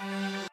Bye.